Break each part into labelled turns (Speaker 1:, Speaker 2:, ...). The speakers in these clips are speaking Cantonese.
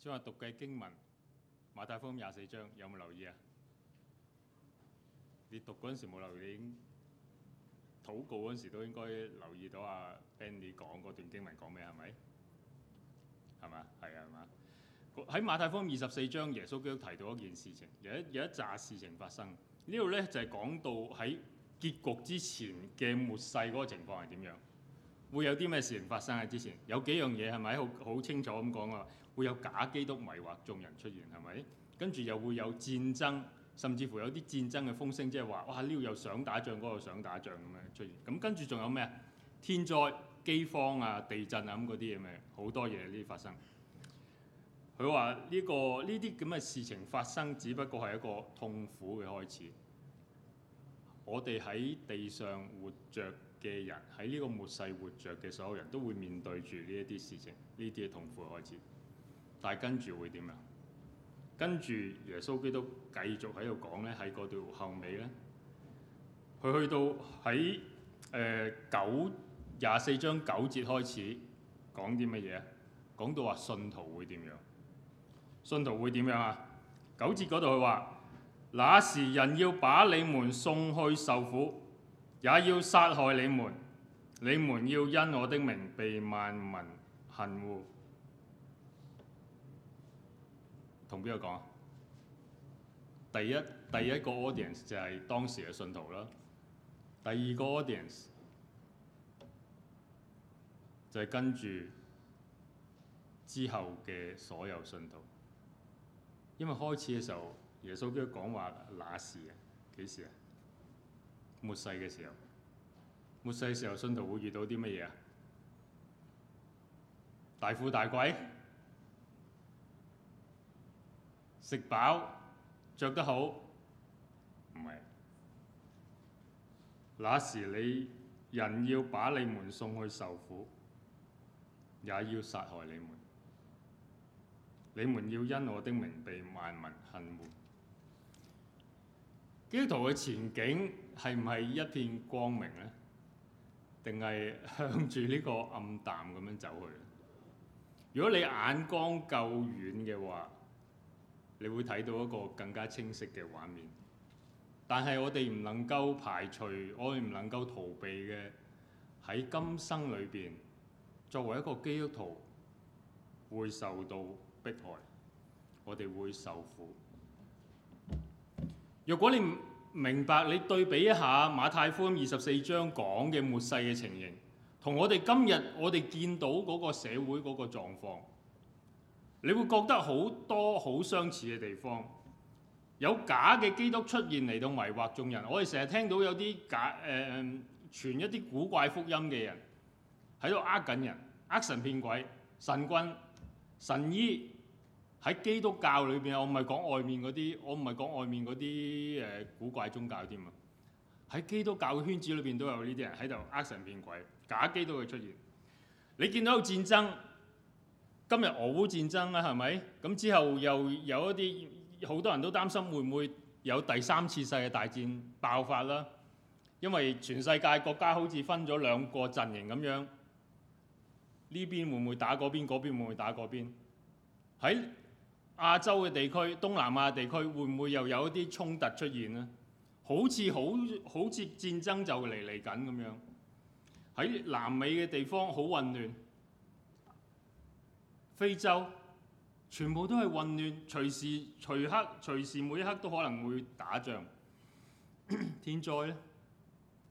Speaker 1: 將話讀嘅經文，馬太福音廿四章有冇留意啊？你讀嗰陣時冇留意，你已經禱告嗰陣時都應該留意到啊。Andy 講嗰段經文講咩係咪？係嘛？係啊？係嘛？喺馬太福音二十四章，耶穌都提到一件事情，有一有一紮事情發生。這呢度咧就係、是、講到喺結局之前嘅末世嗰個情況係點樣？會有啲咩事情發生啊？之前有幾樣嘢係咪好好清楚咁講啊？會有假基督迷惑眾人出現係咪？跟住又會有戰爭，甚至乎有啲戰爭嘅風聲，即係話哇呢度又想打仗，嗰度想打仗咁樣出現。咁跟住仲有咩？天災饑荒啊、地震啊咁嗰啲係咪？好多嘢呢啲發生。佢話呢個呢啲咁嘅事情發生，只不過係一個痛苦嘅開始。我哋喺地上活着。嘅人喺呢個末世活着嘅所有人都會面對住呢一啲事情，呢啲嘅痛苦嘅開始。但係跟住會點樣？跟住耶穌基督繼續喺度講咧，喺嗰度後尾咧，佢去到喺誒九廿四章九節開始講啲乜嘢？講到話信徒會點樣？信徒會點樣啊？九節嗰度佢話：「那時人要把你們送去受苦。也要殺害你們，你們要因我的名被萬民恨惡。同邊個講？第一第一個 audience 就係當時嘅信徒啦，第二個 audience 就係跟住之後嘅所有信徒。因為開始嘅時候，耶穌基督講話哪時啊？幾時啊？末世嘅時候，末世嘅時候，信徒會遇到啲乜嘢啊？大富大貴，食飽著得好，唔係。那時你人要把你們送去受苦，也要殺害你們。你們要因我的名被萬民恨惡。基督徒嘅前景。係唔係一片光明呢？定係向住呢個暗淡咁樣走去？如果你眼光夠遠嘅話，你會睇到一個更加清晰嘅畫面。但係我哋唔能夠排除，我哋唔能夠逃避嘅喺今生裏邊，作為一個基督徒，會受到迫害，我哋會受苦。如果你明白，你對比一下馬太福音二十四章講嘅末世嘅情形，同我哋今日我哋見到嗰個社會嗰個狀況，你會覺得好多好相似嘅地方。有假嘅基督出現嚟到迷惑眾人，我哋成日聽到有啲假誒傳、呃、一啲古怪福音嘅人喺度呃緊人，呃神騙鬼、神棍、神醫。喺基督教裏邊，我唔係講外面嗰啲，我唔係講外面嗰啲誒古怪宗教啲嘛。喺基督教嘅圈子裏邊都有呢啲人喺度呃神騙鬼，假基督會出現。你見到有戰爭，今日俄烏戰爭啦，啊，係咪？咁之後又有一啲好多人都擔心會唔會有第三次世界大戰爆發啦，啊。因為全世界國家好似分咗兩個陣營咁樣，呢邊會唔會打嗰邊，嗰邊會唔會打嗰邊會會打？喺亞洲嘅地區、東南亞地區會唔會又有一啲衝突出現呢？好似好好似戰爭就嚟嚟緊咁樣。喺南美嘅地方好混亂，非洲全部都係混亂，隨時隨刻隨時每一刻都可能會打仗。 天災咧，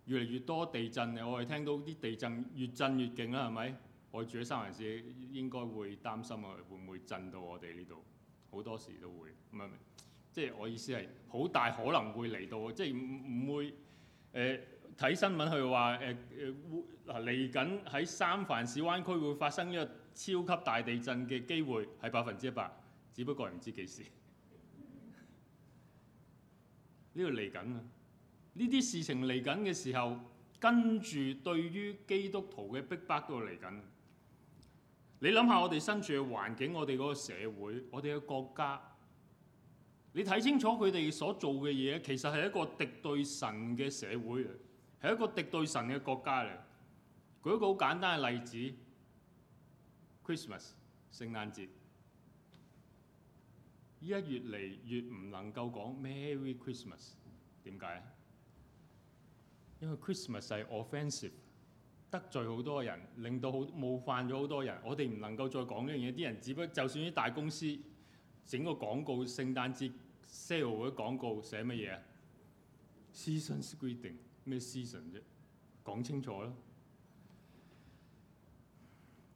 Speaker 1: 越嚟越多地震，我哋聽到啲地震越震越勁啦，係咪？我住喺三藩市，應該會擔心啊，會唔會震到我哋呢度？好多時都會，唔係即係我意思係好大可能會嚟到，即係唔唔會睇、呃、新聞佢話誒誒嗱嚟緊喺三藩市灣區會發生一個超級大地震嘅機會係百分之一百，只不過係唔知幾時呢度嚟緊啊！呢 啲事情嚟緊嘅時候，跟住對於基督徒嘅逼迫、迫都嚟緊。你諗下我哋身處嘅環境，我哋嗰個社會，我哋嘅國家，你睇清楚佢哋所做嘅嘢，其實係一個敵對神嘅社會嚟，係一個敵對神嘅國家嚟。舉一個好簡單嘅例子，Christmas 聖誕節，依家越嚟越唔能夠講 Merry Christmas，點解？因為 Christmas 係 offensive。得罪好多人，令到好冒犯咗好多人。我哋唔能夠再講呢樣嘢。啲人只不，就算啲大公司整個廣告，聖誕節 sale 嗰啲廣告寫乜嘢啊？Seasons greeting 咩 season 啫？講清楚咯。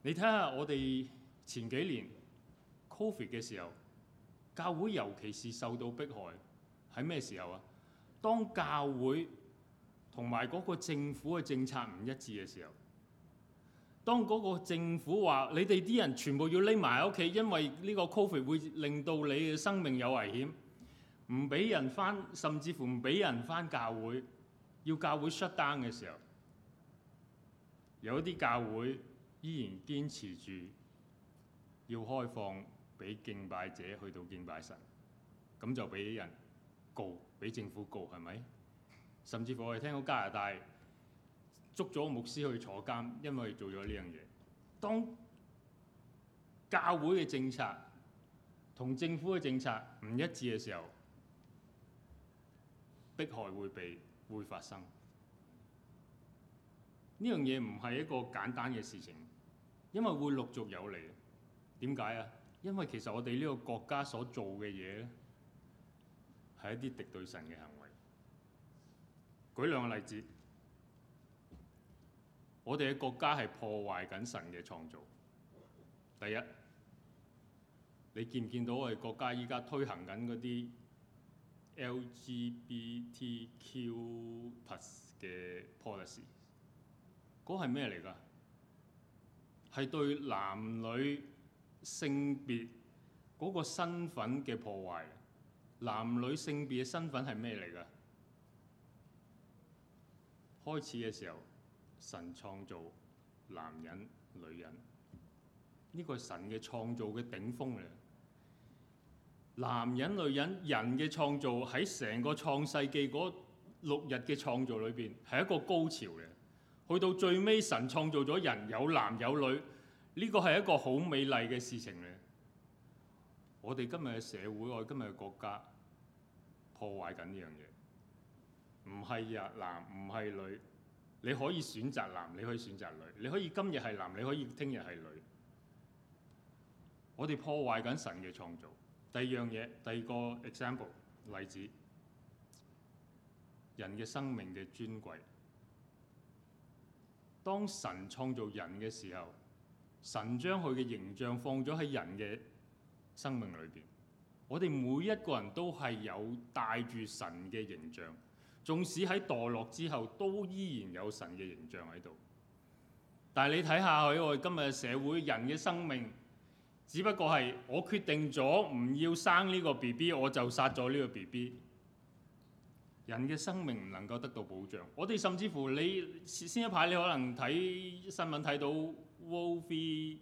Speaker 1: 你睇下我哋前幾年 COVID 嘅時候，教會尤其是受到迫害，喺咩時候啊？當教會同埋嗰個政府嘅政策唔一致嘅時候，當嗰個政府話你哋啲人全部要匿埋喺屋企，因為呢個 Covid 會令到你嘅生命有危險，唔俾人翻，甚至乎唔俾人翻教會，要教會 shutdown 嘅時候，有啲教會依然堅持住要開放俾敬拜者去到敬拜神，咁就俾人告，俾政府告，係咪？是甚至乎我哋聽到加拿大捉咗牧師去坐監，因為做咗呢樣嘢當教會嘅政策同政府嘅政策唔一致嘅時候，迫害會被會發生。呢樣嘢唔係一個簡單嘅事情，因為會陸續有嚟。點解啊？因為其實我哋呢個國家所做嘅嘢咧，係一啲敵對神嘅行為。舉兩個例子，我哋嘅國家係破壞緊神嘅創造。第一，你見唔見到我哋國家依家推行緊嗰啲 LGBTQ+ 嘅 policy？嗰係咩嚟㗎？係對男女性別嗰個身份嘅破壞。男女性別嘅身份係咩嚟㗎？開始嘅時候，神創造男人、女人，呢、呢個神嘅創造嘅頂峰咧。男人、女人，人嘅創造喺成個創世記嗰六日嘅創造裏邊係一個高潮嘅。去到最尾，神創造咗人有男有女，呢個係一個好美麗嘅事情咧。我哋今日嘅社會，我哋今日嘅國家，破壞緊呢樣嘢。唔係呀，男唔係女，你可以選擇男，你可以選擇女，你可以今日係男，你可以聽日係女。我哋破壞緊神嘅創造。第二樣嘢，第二個 example 例，例子，人嘅生命嘅尊貴。當神創造人嘅時候，神將佢嘅形象放咗喺人嘅生命裏邊。我哋每一個人都係有帶住神嘅形象。縱使喺墮落之後都依然有神嘅形象喺度。但係你睇下去，我哋今日嘅社會，人嘅生命只不過係我決定咗唔要生呢個 B B，我就殺咗呢個 B B。人嘅生命唔能夠得到保障。我哋甚至乎你先一排，你可能睇新聞睇到 Roe v.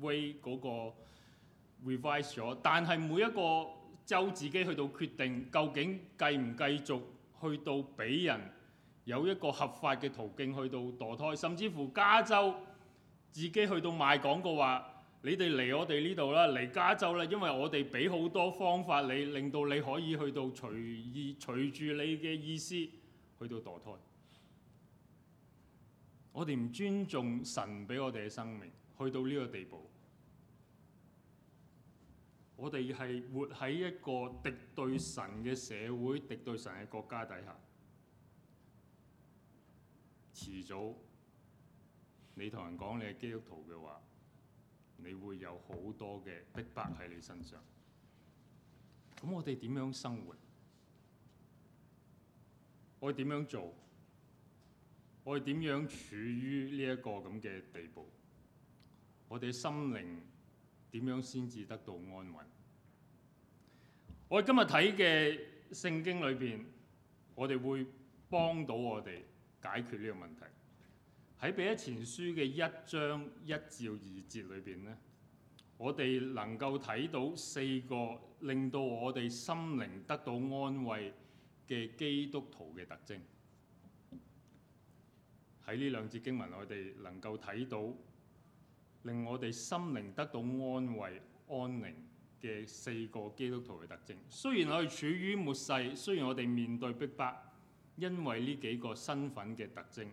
Speaker 1: Wade 嗰個 revise 咗，但係每一個州自己去到決定，究竟繼唔繼續。去到俾人有一個合法嘅途徑去到墮胎，甚至乎加州自己去到賣廣告話：你哋嚟我哋呢度啦，嚟加州啦，因為我哋俾好多方法你，令到你可以去到隨意隨住你嘅意思去到墮胎。我哋唔尊重神俾我哋嘅生命，去到呢個地步。我哋係活喺一個敵對神嘅社會、敵對神嘅國家底下，遲早你同人講你係基督徒嘅話，你會有好多嘅逼迫喺你身上。咁我哋點樣生活？我哋點樣做？我哋點樣處於呢一個咁嘅地步？我哋嘅心靈，點樣先至得到安穩？我哋今日睇嘅聖經裏邊，我哋會幫到我哋解決呢個問題。喺彼得前書嘅一章一至二節裏邊呢，我哋能夠睇到四個令到我哋心靈得到安慰嘅基督徒嘅特徵。喺呢兩節經文，我哋能夠睇到。令我哋心靈得到安慰、安寧嘅四個基督徒嘅特徵。雖然我哋處於末世，雖然我哋面對逼迫，因為呢幾個身份嘅特徵，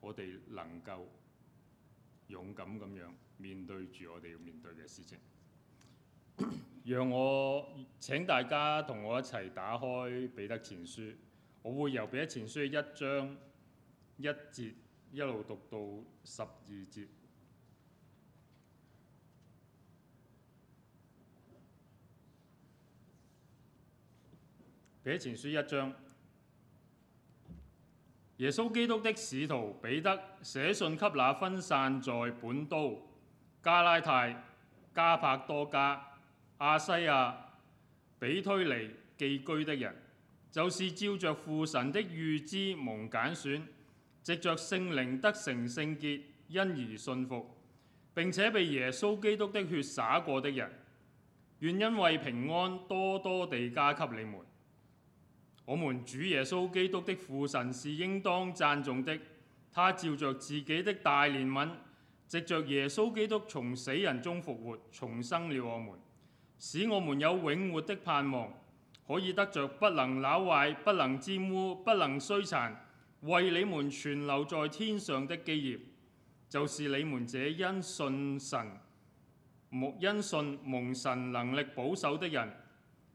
Speaker 1: 我哋能夠勇敢咁樣面對住我哋要面對嘅事情。讓我請大家同我一齊打開彼得前書，我會由彼得前書一章一節一路讀到十二節。彼前書一章，耶穌基督的使徒彼得寫信給那分散在本都、加拉太、加帕多加、亞西亞、比推尼寄居的人，就是照着父神的預知蒙揀選，藉着聖靈得成聖潔，因而信服並且被耶穌基督的血灑過的人，願因為平安多多地加給你們。我們主耶穌基督的父神是應當讚頌的，他照着自己的大憐憫，藉着耶穌基督從死人中復活，重生了我們，使我們有永活的盼望，可以得着不能朽壞、不能沾污、不能衰殘，為你們存留在天上的基業，就是你們這因信神、因信蒙神能力保守的人。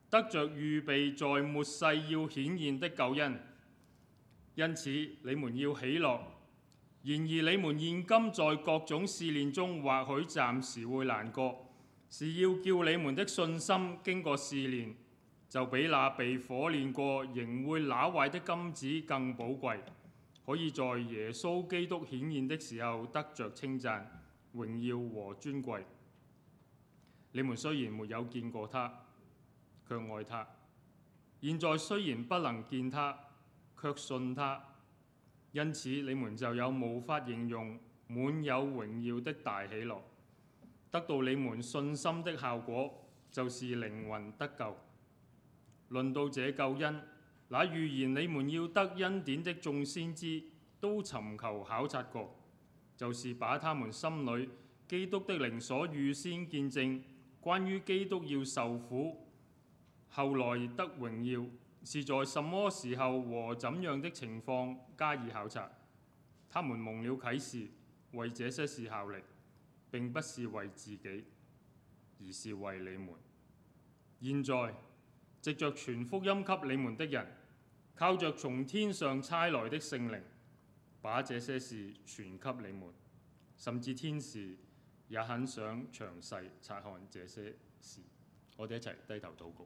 Speaker 1: 得着預備在末世要顯現的救恩，因此你們要喜樂。然而你們現今在各種試煉中，或許暫時會難過，是要叫你們的信心經過試煉，就比那被火煉過仍會朽壞的金子更寶貴，可以在耶穌基督顯現的時候得着稱讚、榮耀和尊貴。你們雖然沒有見過他。卻愛他，現在雖然不能見他，卻信他，因此你們就有無法形容滿有榮耀的大喜樂。得到你們信心的效果，就是靈魂得救。論到這救恩，那預言你們要得恩典的眾先知都尋求考察過，就是把他們心裏基督的靈所預先見證，關於基督要受苦。後來得榮耀是在什麼時候和怎樣的情況加以考察？他們蒙了啟示，為這些事效力，並不是為自己，而是為你們。現在藉着全福音給你們的人，靠着從天上差來的聖靈，把這些事傳給你們，甚至天使也很想詳細察看這些事。我哋一齊低頭禱告。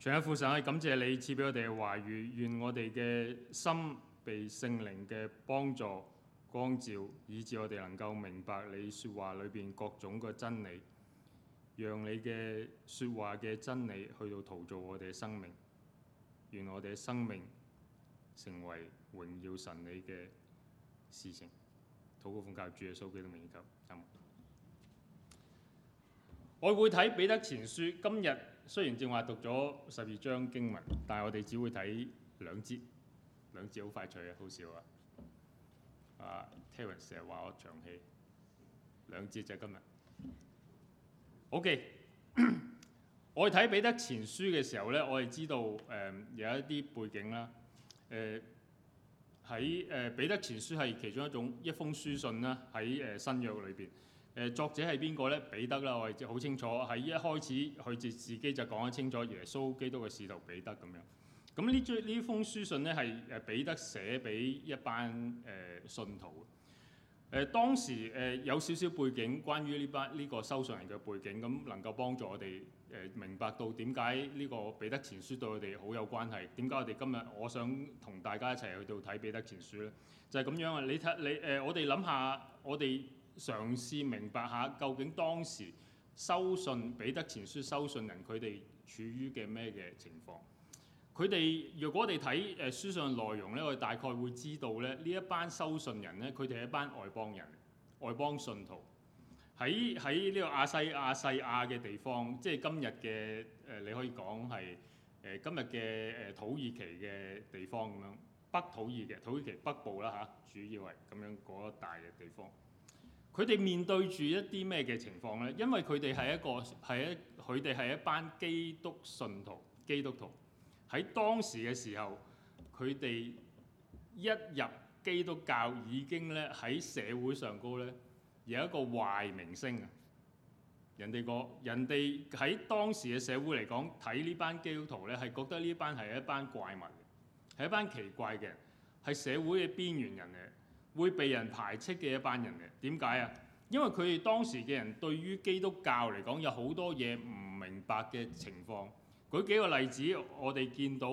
Speaker 1: 全一父神，感謝你賜俾我哋嘅話語，願我哋嘅心被聖靈嘅幫助光照，以至我哋能夠明白你説話裏邊各種嘅真理，讓你嘅説話嘅真理去到陶造我哋嘅生命，願我哋嘅生命成為榮耀神你嘅事情。禱告奉主耶穌基督的名求，阿門。我會睇彼得前書今日。雖然正話讀咗十二章經文，但係我哋只會睇兩節，兩節好快脆啊，好少啊！啊，聽聞成日話我長氣，兩節就係今日。OK， 我哋睇彼得前書嘅時候咧，我係知道誒、呃、有一啲背景啦。誒喺誒彼得前書係其中一種一封書信啦，喺誒、呃、新約裏邊。誒作者係邊個咧？彼得啦，我哋好清楚。喺一開始佢自自己就講得清楚，耶穌基督嘅使徒彼得咁樣。咁呢呢封書信咧係誒彼得寫俾一班誒信徒。誒當時有少少背景，關於呢班呢個收信人嘅背景，咁能夠幫助我哋誒明白到點解呢個彼得前書對我哋好有關係。點解我哋今日我想同大家一齊去到睇彼得前書咧？就係、是、咁樣啊！你睇你誒，我哋諗下我哋。嘗試明白下究竟當時收信彼得前書收信人佢哋處於嘅咩嘅情況？佢哋若果我哋睇誒書上內容咧，我哋大概會知道咧呢一班收信人咧，佢哋係一班外邦人、外邦信徒喺喺呢個亞西亞、亞細亞嘅地方，即係今日嘅誒，你可以講係誒今日嘅誒土耳其嘅地方咁樣，北土耳其，土耳其北部啦嚇，主要係咁樣嗰一帶嘅地方。佢哋面對住一啲咩嘅情況呢？因為佢哋係一個係一佢哋係一班基督信徒。基督徒喺當時嘅時候，佢哋一入基督教已經咧喺社會上高咧有一個壞名聲。啊！人哋個人哋喺當時嘅社會嚟講，睇呢班基督徒咧係覺得呢班係一班怪物，係一班奇怪嘅，係社會嘅邊緣人嚟。會被人排斥嘅一班人嘅，點解啊？因為佢哋當時嘅人對於基督教嚟講有好多嘢唔明白嘅情況。舉幾個例子，我哋見到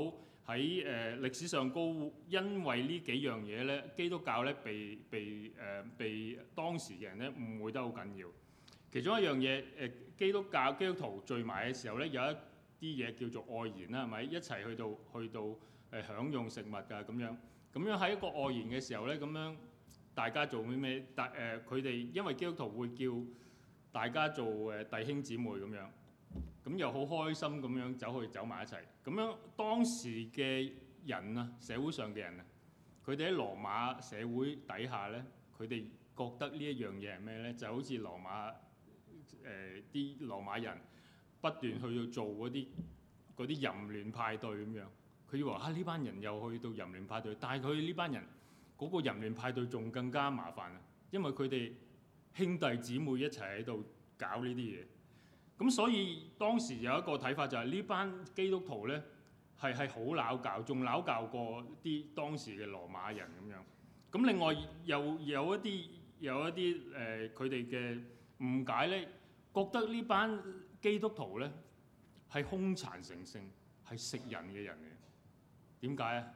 Speaker 1: 喺誒歷史上高，因為呢幾樣嘢咧，基督教咧被被誒、呃、被當時嘅人咧誤會得好緊要。其中一樣嘢誒，基督教基督徒聚埋嘅時候咧，有一啲嘢叫做愛筵啦，係咪？一齊去到去到誒享用食物㗎咁樣。咁樣喺一個外園嘅時候咧，咁樣大家做咩咩？大誒佢哋因為基督徒會叫大家做誒弟兄姊妹咁樣，咁又好開心咁樣走去走埋一齊。咁樣當時嘅人啊，社會上嘅人啊，佢哋喺羅馬社會底下咧，佢哋覺得呢一樣嘢係咩咧？就好似羅馬誒啲、呃、羅馬人不斷去做嗰啲嗰啲淫亂派對咁樣。佢話：嚇、啊、呢班人又去到淫亂派對，但係佢呢班人嗰、那個淫亂派對仲更加麻煩啊，因為佢哋兄弟姊妹一齊喺度搞呢啲嘢。咁所以當時有一個睇法就係、是、呢班基督徒咧係係好鬧教，仲鬧教過啲當時嘅羅馬人咁樣。咁另外又有，有一啲有一啲誒佢哋嘅誤解咧，覺得呢班基督徒咧係兇殘成性，係食人嘅人嘅。點解啊？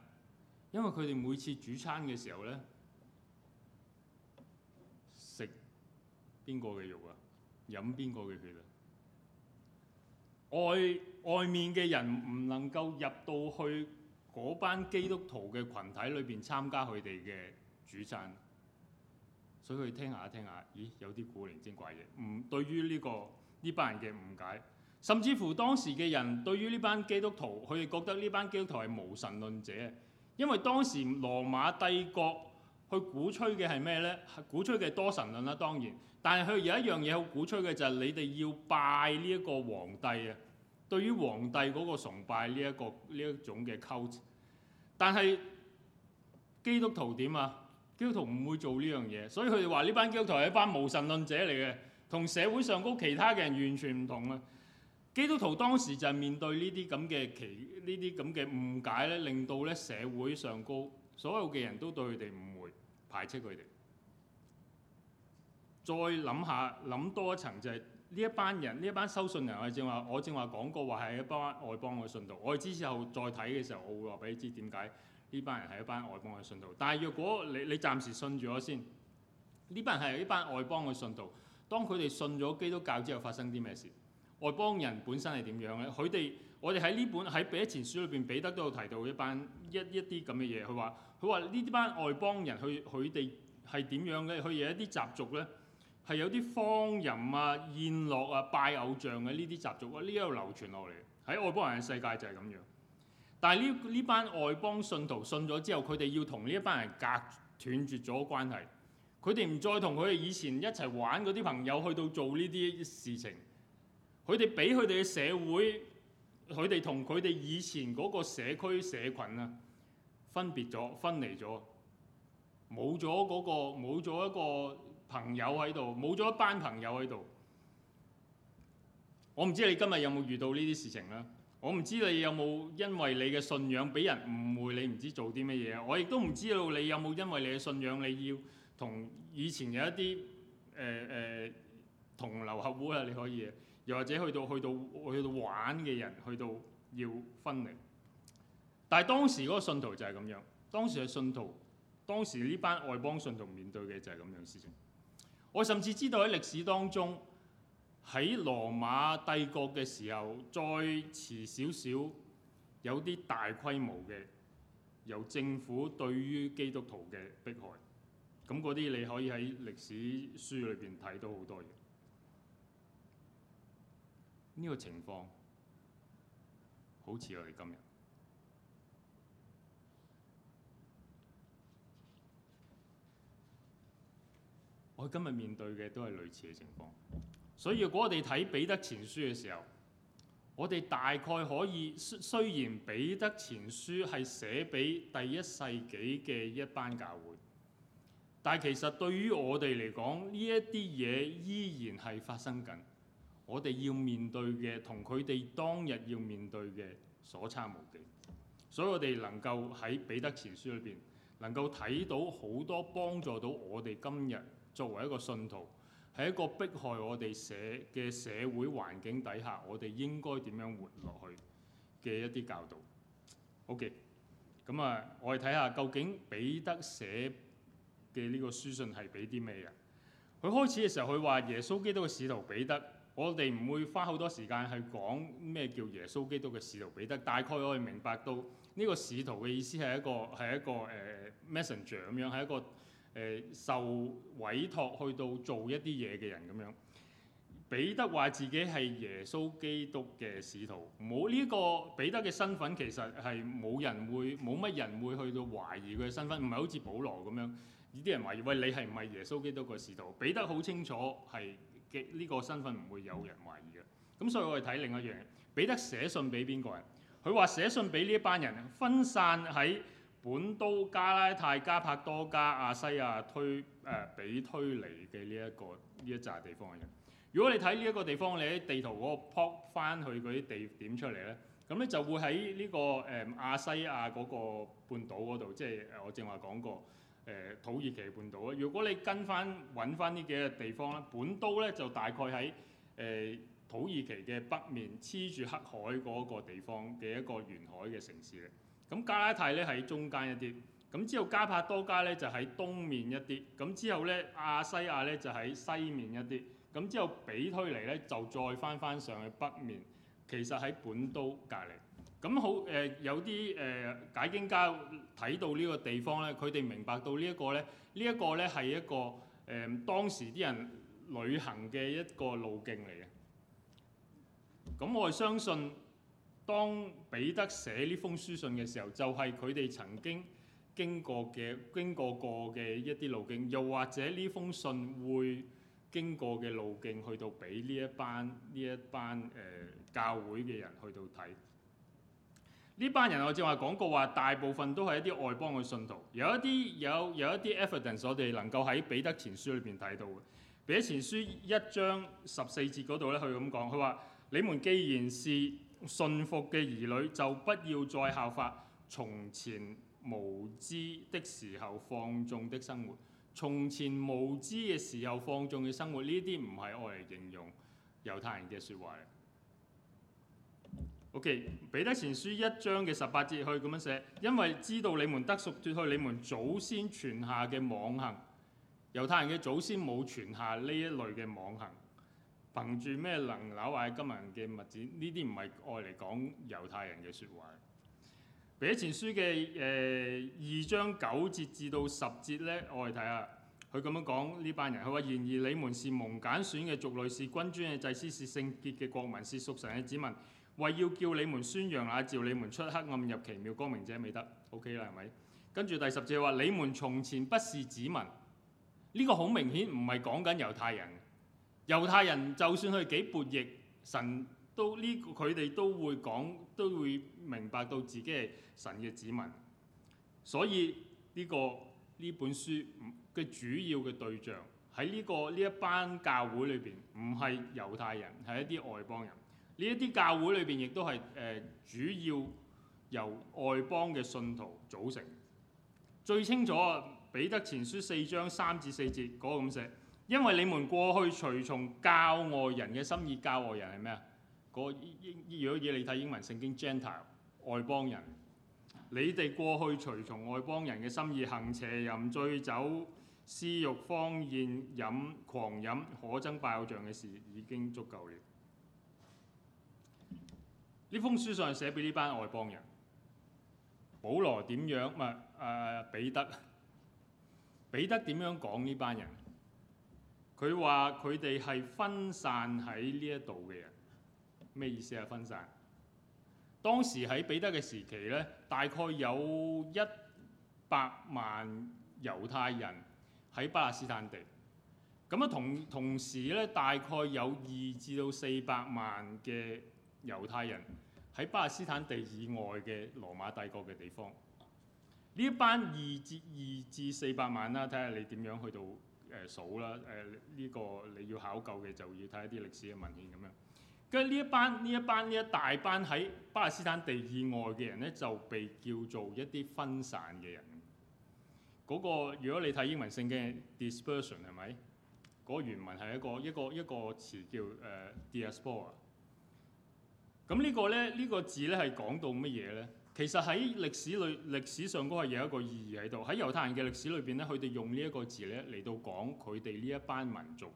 Speaker 1: 因為佢哋每次主餐嘅時候呢，食邊個嘅肉啊？飲邊個嘅血啊？外外面嘅人唔能夠入到去嗰班基督徒嘅群體裏邊參加佢哋嘅主餐，所以佢聽下聽下，咦，有啲古靈精怪嘅。唔，對於呢、呢個呢班人嘅誤解。甚至乎當時嘅人對於呢班基督徒，佢哋覺得呢班基督徒係無神論者，因為當時羅馬帝國去鼓吹嘅係咩呢？係鼓吹嘅多神論啦。當然，但係佢有一樣嘢好鼓吹嘅就係你哋要拜呢一個皇帝啊。對於皇帝嗰個崇拜呢一個呢一種嘅 cult，但係基督徒點啊？基督徒唔會做呢樣嘢，所以佢哋話呢班基督徒係一班無神論者嚟嘅，同社會上高其他嘅人完全唔同啊。基督徒當時就係面對呢啲咁嘅奇，呢啲咁嘅誤解咧，令到咧社會上高所有嘅人都對佢哋誤會，排斥佢哋。再諗下，諗多一層就係呢一班人，呢一班收信人，我正話，我正話講過話係一班外邦嘅信徒。我哋之後再睇嘅時候，我會話俾你知點解呢班人係一班外邦嘅信徒。但係若果你你暫時信住我先，呢班人係一班外邦嘅信徒。當佢哋信咗基督教之後，發生啲咩事？外邦人本身係點樣咧？佢哋我哋喺呢本喺彼得前書裏邊，彼得都有提到一班一一啲咁嘅嘢。佢話佢話呢啲班外邦人，佢佢哋係點樣嘅？佢有一啲習俗咧，係有啲荒淫啊、宴樂啊、拜偶像嘅呢啲習俗啊，呢一路流傳落嚟喺外邦人嘅世界就係咁樣。但係呢呢班外邦信徒信咗之後，佢哋要同呢一班人隔斷絕咗關係，佢哋唔再同佢哋以前一齊玩嗰啲朋友去到做呢啲事情。佢哋俾佢哋嘅社會，佢哋同佢哋以前嗰個社區社群啊，分別咗，分離咗，冇咗嗰個冇咗一個朋友喺度，冇咗一班朋友喺度。我唔知你今日有冇遇到呢啲事情啦。我唔知你有冇因為你嘅信仰俾人誤會，你唔知做啲乜嘢。我亦都唔知道你有冇因為你嘅信仰你要同以前有一啲誒誒同流合污啊！你可以。又或者去到去到去到玩嘅人，去到要分離，但係當時嗰個信徒就係咁樣，當時嘅信徒，當時呢班外邦信徒面對嘅就係咁樣嘅事情。我甚至知道喺歷史當中，喺羅馬帝國嘅時候，再遲少少有啲大規模嘅由政府對於基督徒嘅迫害。咁嗰啲你可以喺歷史書裏邊睇到好多嘢。呢個情況好似我哋今日，我今日面對嘅都係類似嘅情況。所以，如果我哋睇彼得前書嘅時候，我哋大概可以雖然彼得前書係寫俾第一世紀嘅一班教會，但係其實對於我哋嚟講，呢一啲嘢依然係發生緊。我哋要面對嘅同佢哋當日要面對嘅所差無幾，所以我哋能夠喺彼得前書裏邊能夠睇到好多幫助到我哋今日作為一個信徒，喺一個迫害我哋社嘅社會環境底下，我哋應該點樣活落去嘅一啲教導。OK，咁啊，我哋睇下究竟彼得寫嘅呢個書信係俾啲咩人？佢開始嘅時候，佢話耶穌基督嘅使徒彼得。我哋唔會花好多時間去講咩叫耶穌基督嘅使徒彼得。大概我哋明白到呢個使徒嘅意思係一個係一個誒、呃、Messenger，咁樣，係一個誒、呃、受委託去到做一啲嘢嘅人咁樣。彼得話自己係耶穌基督嘅使徒，冇呢個彼得嘅身份其實係冇人會冇乜人會去到懷疑佢嘅身份，唔係好似保羅咁樣呢啲人懷疑，喂，你係唔係耶穌基督嘅使徒？彼得好清楚係。呢、這個身份唔會有人懷疑嘅，咁所以我哋睇另一樣嘢，彼得寫信俾邊個人？佢話寫信俾呢一班人分散喺本都加拉太加帕多家亞西亞推誒比、呃、推尼嘅呢一個呢一紮地方嘅人。如果你睇呢一個地方，你喺地圖嗰個 pop 返去嗰啲地點出嚟咧，咁咧就會喺呢、這個誒亞、呃、西亞嗰個半島嗰度，即係我正話講過。誒土耳其半島啊，如果你跟翻揾翻呢幾個地方咧，本都咧就大概喺誒、欸、土耳其嘅北面，黐住黑海嗰個地方嘅一個沿海嘅城市咧。咁加拉太咧喺中間一啲，咁之後加帕多加咧就喺東面一啲，咁之後咧亞西亞咧就喺西面一啲，咁之後比推尼咧就再翻翻上去北面，其實喺本都隔籬。咁好誒，有啲誒解經家睇到呢個地方咧，佢哋明白到呢一個咧，呢一個咧係一個誒當時啲人旅行嘅一個路徑嚟嘅。咁我係相信，當彼得寫呢封書信嘅時候，就係佢哋曾經經過嘅經過過嘅一啲路徑，又或者呢封信會經過嘅路徑去到俾呢一班呢一班誒教會嘅人去到睇。呢班人我正話講過話，大部分都係一啲外邦嘅信徒，有一啲有有一啲 evidence，我哋能夠喺彼得前書裏邊睇到嘅。彼得前書一章十四節嗰度咧，佢咁講，佢話：你們既然是信服嘅兒女，就不要再效法從前無知的時候放縱的生活，從前無知嘅時候放縱嘅生活，呢啲唔係我嚟形容猶太人嘅説話。OK，彼得前書一章嘅十八節，去以咁樣寫，因為知道你們得贖脫去你們祖先傳下嘅妄行。猶太人嘅祖先冇傳下呢一類嘅妄行，憑住咩能扭壞今日嘅物質？呢啲唔係愛嚟講猶太人嘅說話。彼得前書嘅誒、呃、二章九節至到十節呢，我哋睇下。佢咁樣講呢班人，佢話：然而你們是蒙揀選嘅族類，是君尊嘅祭司，是聖潔嘅國民，是屬神嘅子民。為要叫你們宣揚那召你們出黑暗入奇妙光明者未得。OK 啦，係咪？跟住第十節話：你們從前不是子民。呢個好明顯唔係講緊猶太人。猶太人就算佢幾叛逆，神都呢佢哋都會講，都會明白到自己係神嘅子民。所以呢個呢本書嘅主要嘅對象喺呢個呢一班教會裏邊，唔係猶太人，係一啲外邦人。呢一啲教會裏邊亦都係誒、呃、主要由外邦嘅信徒組成。最清楚啊，彼得前書四章三至四節嗰、那個咁寫，因為你們過去隨從教外人嘅心意。教外人係咩啊？那個英，如果依你睇英文聖經 Gentile 外邦人，你哋過去隨從外邦人嘅心意，行邪淫、醉酒、私欲、荒宴、飲狂飲、可憎拜偶像嘅事，已經足夠了。呢封書上寫俾呢班外邦人，保羅點樣？唔係啊，彼得，彼得點樣講呢班人？佢話佢哋係分散喺呢一度嘅人，咩意思啊？分散？當時喺彼得嘅時期咧，大概有一百萬猶太人喺巴勒斯坦地，咁啊同同時咧，大概有二至到四百萬嘅。猶太人喺巴勒斯坦地以外嘅羅馬帝國嘅地方，呢一班二至二至四百萬啦、啊，睇下你點樣去到誒、呃、數啦誒，呢個你要考究嘅就要睇一啲歷史嘅文獻咁樣。跟住呢一班呢一班呢一大班喺巴勒斯坦地以外嘅人咧，就被叫做一啲分散嘅人。嗰、那個如果你睇英文聖經 dispersion 係咪？嗰、那個、原文係一個一個一個詞叫誒 Diaspora。咁呢個咧，呢、這個字咧係講到乜嘢咧？其實喺歷史裏、歷史上嗰個係有一個意義喺度。喺猶太人嘅歷史裏邊咧，佢哋用呢一個字咧嚟到講佢哋呢一班民族。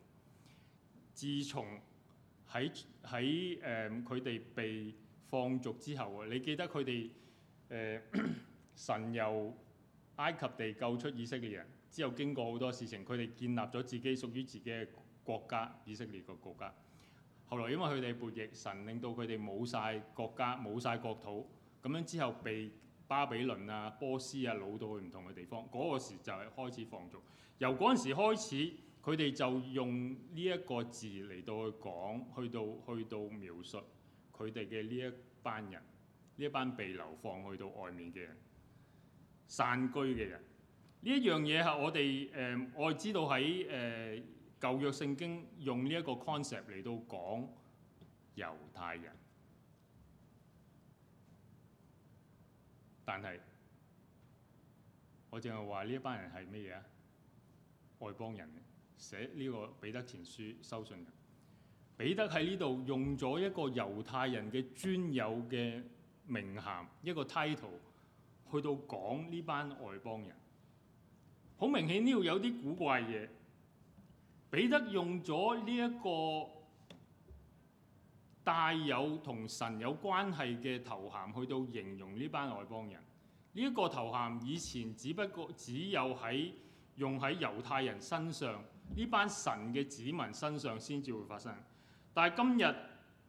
Speaker 1: 自從喺喺誒佢哋被放逐之後喎，你記得佢哋、嗯、神由埃及地救出以色列人之後，經過好多事情，佢哋建立咗自己屬於自己嘅國家——以色列嘅國家。後來因為佢哋背逆，神令到佢哋冇晒國家、冇晒國土，咁樣之後被巴比倫啊、波斯啊擄到去唔同嘅地方，嗰、那個時就係開始放逐。由嗰陣時開始，佢哋就用呢一個字嚟到去講，去到去到描述佢哋嘅呢一班人，呢一班被流放去到外面嘅人、散居嘅人。呢一樣嘢係我哋誒、呃，我係知道喺誒。呃舊約聖經用呢一個 concept 嚟到講猶太人，但係我淨係話呢一班人係乜嘢啊？外邦人。寫呢個彼得前書收信人，彼得喺呢度用咗一個猶太人嘅專有嘅名銜，一個 title 去到講呢班外邦人，好明顯呢度有啲古怪嘢。彼得用咗呢一個帶有同神有關係嘅頭銜去到形容呢班外邦人，呢一個頭銜以前只不過只有喺用喺猶太人身上，呢班神嘅子民身上先至會發生，但係今日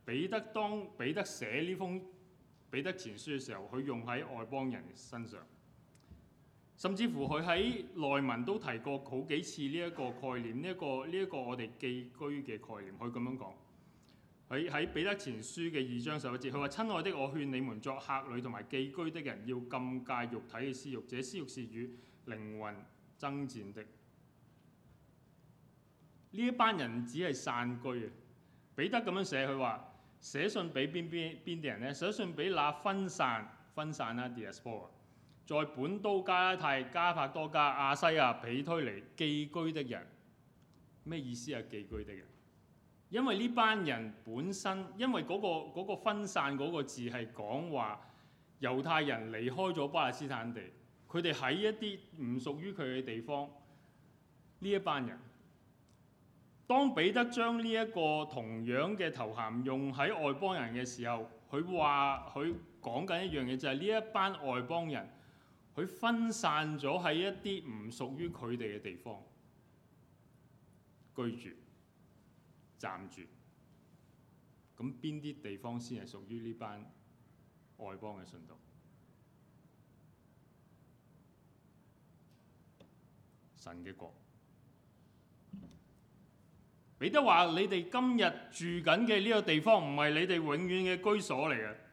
Speaker 1: 彼得當彼得寫呢封彼得前書嘅時候，佢用喺外邦人身上。甚至乎佢喺內文都提過好幾次呢一個概念，呢一個呢一個我哋寄居嘅概念，可以咁樣講。喺喺彼得前書嘅二章十一節，佢話：親愛的，我勸你們作客旅同埋寄居的人，要禁戒肉體嘅私欲者，這私欲是與靈魂爭戰的。呢一班人只係散居嘅。彼得咁樣寫，佢話寫信俾邊邊邊啲人呢？寫信俾那分散分散啦 dispersed 在本都加拉太加帕多加亞西亞比推尼寄居的人，咩意思啊？寄居的人，因為呢班人本身，因為嗰個嗰個分散嗰個字係講話猶太人離開咗巴勒斯坦地，佢哋喺一啲唔屬於佢嘅地方。呢一班人，當彼得將呢一個同樣嘅頭銜用喺外邦人嘅時候，佢話，佢講緊一樣嘢，就係呢一班外邦人。佢分散咗喺一啲唔屬於佢哋嘅地方居住、暫住，咁邊啲地方先係屬於呢班外邦嘅信徒？神嘅國，彼得話你哋今日住緊嘅呢個地方唔係你哋永遠嘅居所嚟嘅。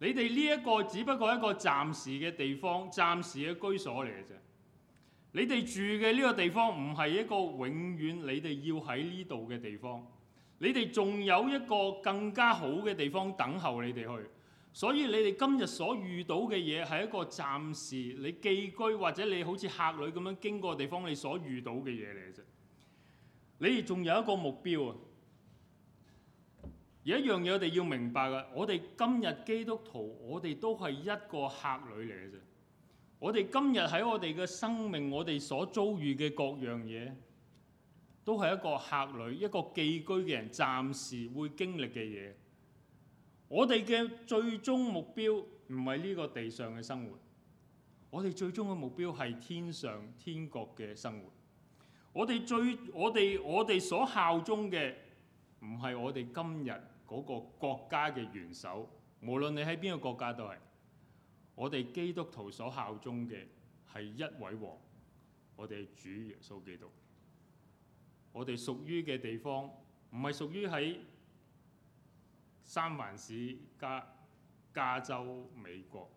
Speaker 1: 你哋呢一個只不過一個暫時嘅地方、暫時嘅居所嚟嘅啫。你哋住嘅呢個地方唔係一個永遠你哋要喺呢度嘅地方。你哋仲有一個更加好嘅地方等候你哋去。所以你哋今日所遇到嘅嘢係一個暫時你寄居或者你好似客旅咁樣經過地方你所遇到嘅嘢嚟嘅啫。你哋仲有一個目標啊！有一樣嘢我哋要明白嘅，我哋今日基督徒，我哋都係一個客旅嚟嘅啫。我哋今日喺我哋嘅生命，我哋所遭遇嘅各樣嘢，都係一個客旅，一個寄居嘅人，暫時會經歷嘅嘢。我哋嘅最終目標唔係呢個地上嘅生活，我哋最終嘅目標係天上、天國嘅生活。我哋最我哋我哋所效忠嘅唔係我哋今日，嗰個國家嘅元首，無論你喺邊個國家都係，我哋基督徒所效忠嘅係一位王，我哋係主耶穌基督。我哋屬於嘅地方，唔係屬於喺三藩市加加州美國，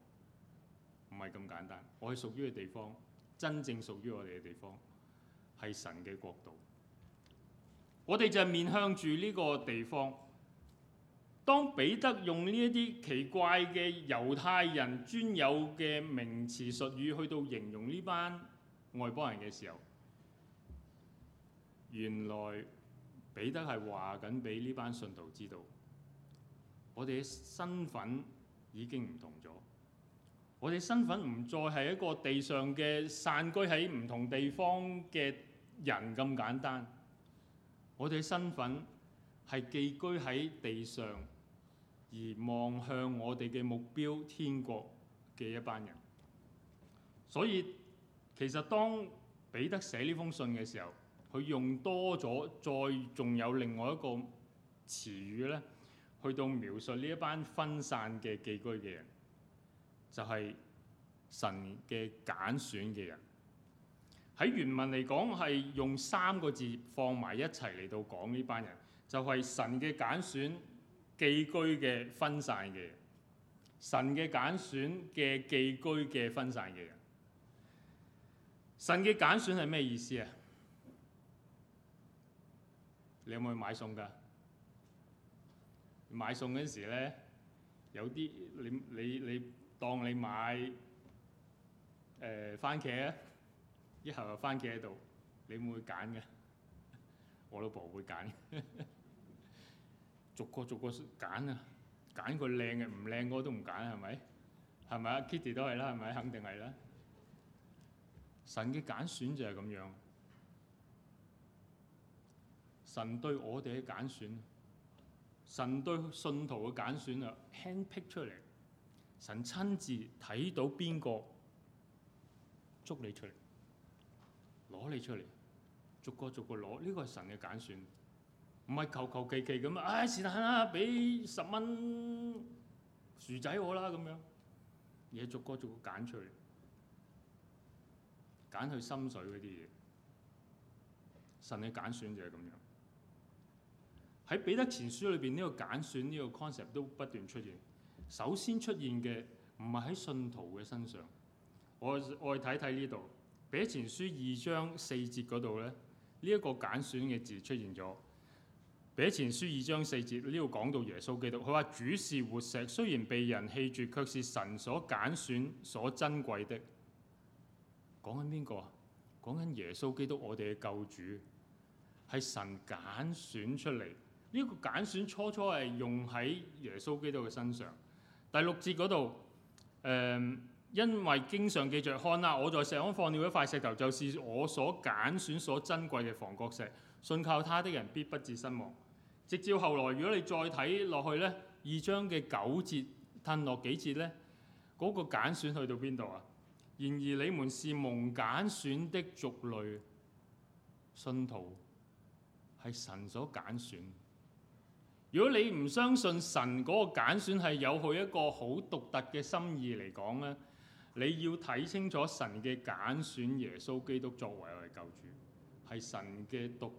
Speaker 1: 唔係咁簡單。我哋屬於嘅地方，真正屬於我哋嘅地方係神嘅國度。我哋就係面向住呢個地方。當彼得用呢一啲奇怪嘅猶太人專有嘅名詞術語去到形容呢班外邦人嘅時候，原來彼得係話緊俾呢班信徒知道，我哋嘅身份已經唔同咗，我哋身份唔再係一個地上嘅散居喺唔同地方嘅人咁簡單，我哋嘅身份係寄居喺地上。而望向我哋嘅目標天國嘅一班人，所以其實當彼得寫呢封信嘅時候，佢用多咗再仲有另外一個詞語咧，去到描述呢一班分散嘅寄居嘅人，就係神嘅揀選嘅人。喺原文嚟講，係用三個字放埋一齊嚟到講呢班人，就係神嘅揀選。寄居嘅分散嘅人，神嘅揀選嘅寄居嘅分散嘅人，神嘅揀選係咩意思啊？你有冇去買餸㗎？買餸嗰時咧，有啲你你你，你當你買誒番、呃、茄，一後又番茄喺度，你會唔會揀㗎？我老婆會揀嘅。 逐個逐個揀啊，揀個靚嘅，唔靚我都唔揀，係咪？係咪啊？Kitty 都係啦，係咪？肯定係啦。神嘅揀選就係咁樣，神對我哋嘅揀選，神對信徒嘅揀選啊，Hand pick 出嚟，神親自睇到邊個，捉你出嚟，攞你出嚟，逐個逐個攞，呢個係神嘅揀選。唔係求求其其咁啊！唉、哎，是但啦，俾十蚊薯仔我啦，咁樣嘢逐個逐個揀出嚟，揀去心水嗰啲嘢。神嘅揀選就係咁樣。喺彼得前書裏邊，呢個揀選呢個 concept 都不斷出現。首先出現嘅唔係喺信徒嘅身上，我我睇睇呢度彼得前書二章四節嗰度咧，呢、這、一個揀選嘅字出現咗。彼前書二章四節呢度講到耶穌基督，佢話主是活石，雖然被人棄絕，卻是神所揀選所珍貴的。講緊邊個？講緊耶穌基督，我哋嘅救主，係神揀選出嚟。呢、這個揀選初初係用喺耶穌基督嘅身上。第六節嗰度，誒、嗯、因為經常記著看啊，我在錫安放了一塊石頭，就是我所揀選所珍貴嘅房角石。信靠他的人必不致身亡。直至後來，如果你再睇落去呢，二章嘅九節褪落幾節呢，嗰個揀選去到邊度啊？然而你們是蒙揀選的族類，信徒係神所揀選。如果你唔相信神嗰個揀選係有佢一個好獨特嘅心意嚟講呢，你要睇清楚神嘅揀選耶穌基督作為我哋救主，係神嘅獨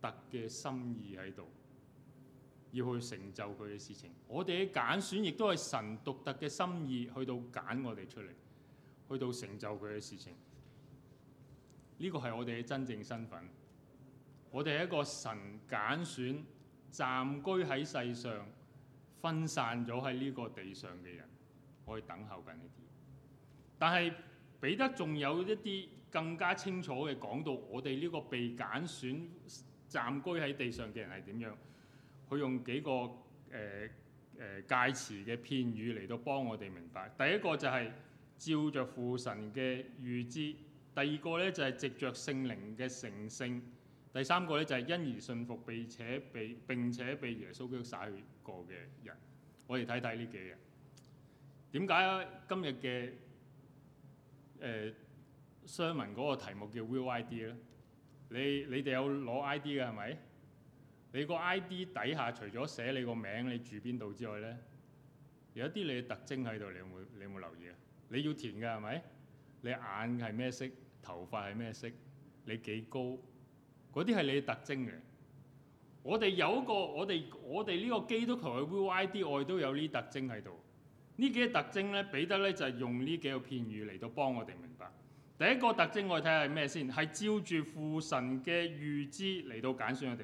Speaker 1: 特嘅心意喺度。要去成就佢嘅事情，我哋嘅揀選亦都係神獨特嘅心意，去到揀我哋出嚟，去到成就佢嘅事情。呢個係我哋嘅真正身份。我哋係一個神揀選暫居喺世上、分散咗喺呢個地上嘅人，可以等候緊呢啲。但係彼得仲有一啲更加清楚嘅講到，我哋呢個被揀選暫居喺地上嘅人係點樣。佢用幾個誒誒介詞嘅片語嚟到幫我哋明白。第一個就係照着父神嘅預知；第二個咧就係、是、藉着聖靈嘅成聖；第三個咧就係、是、因而信服，並且被並且被耶穌基督灑過嘅人，我看看。我哋睇睇呢幾日點解今日嘅誒商文嗰個題目叫 Real ID 咧？你你哋有攞 ID 嘅係咪？是。你個 I D 底下除咗寫你個名、你住邊度之外呢，有一啲你嘅特徵喺度，你有冇你有冇留意啊？你要填嘅係咪？你眼係咩色？頭髮係咩色？你幾高？嗰啲係你嘅特徵嚟嘅。我哋有個我哋我哋呢個基督教嘅 V I D 我哋都有呢啲特徵喺度。呢幾個特徵呢，彼得呢就係用呢幾個片語嚟到幫我哋明白。第一個特徵我哋睇下係咩先？係照住父神嘅預知嚟到揀選我哋。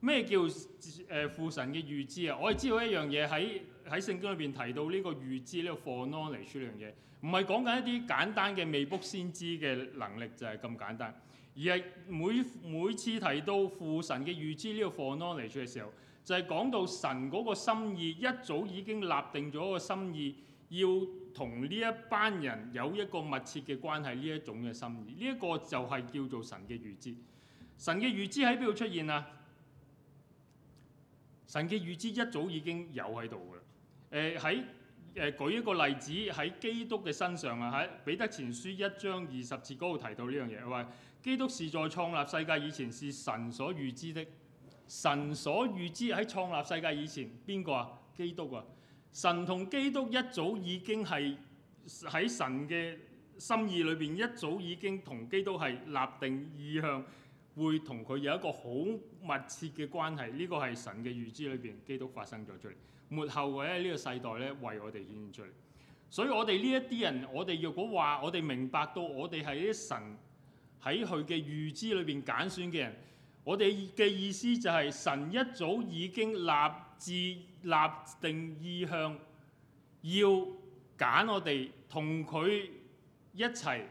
Speaker 1: 咩叫誒父神嘅預知啊？我係知道一樣嘢，喺喺聖經裏邊提到呢個預知呢個 foreknowledge 呢樣嘢，唔係講緊一啲簡單嘅未卜先知嘅能力，就係咁簡單，而係每每次提到父神嘅預知呢個 foreknowledge 嘅時候，就係講到神嗰個心意一早已經立定咗個心意，要同呢一班人有一個密切嘅關係呢一種嘅心意，呢一個就係叫做神嘅預知。神嘅預知喺邊度出現啊？神嘅預知一早已經有喺度嘅啦。誒喺誒舉一個例子喺基督嘅身上啊，喺彼得前書一章二十節嗰度提到呢樣嘢，話基督是在創立世界以前是神所預知的。神所預知喺創立世界以前，邊個啊？基督啊？神同基督一早已經係喺神嘅心意裏邊一早已經同基督係立定意向。會同佢有一個好密切嘅關係，呢個係神嘅預知裏邊，基督發生咗出嚟，末後嘅呢個世代咧，為我哋顯現出嚟。所以我哋呢一啲人，我哋若果話我哋明白到我哋係啲神喺佢嘅預知裏邊揀選嘅人，我哋嘅意思就係神一早已經立志立定意向，要揀我哋同佢一齊。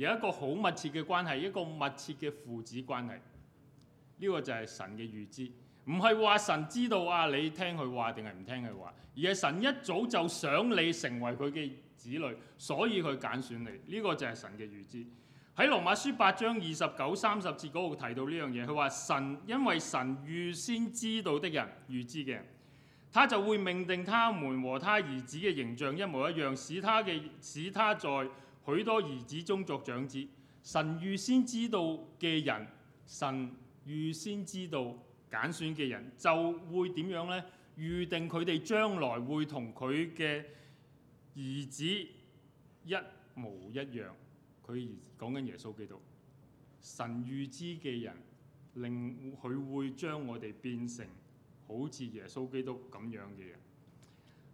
Speaker 1: 有一個好密切嘅關係，一個密切嘅父子關係。呢個就係神嘅預知，唔係話神知道啊你聽佢話定係唔聽佢話，而係神一早就想你成為佢嘅子女，所以佢揀選你。呢個就係神嘅預知。喺羅馬書八章二十九三十節嗰度提到呢樣嘢，佢話神因為神預先知道的人預知嘅，他就會命定他們和他兒子嘅形象一模一樣，使他嘅使他在。許多兒子中作長子，神預先知道嘅人，神預先知道揀選嘅人，就會點樣呢？預定佢哋將來會同佢嘅兒子一模一樣。佢講緊耶穌基督，神預知嘅人，令佢會將我哋變成好似耶穌基督咁樣嘅人。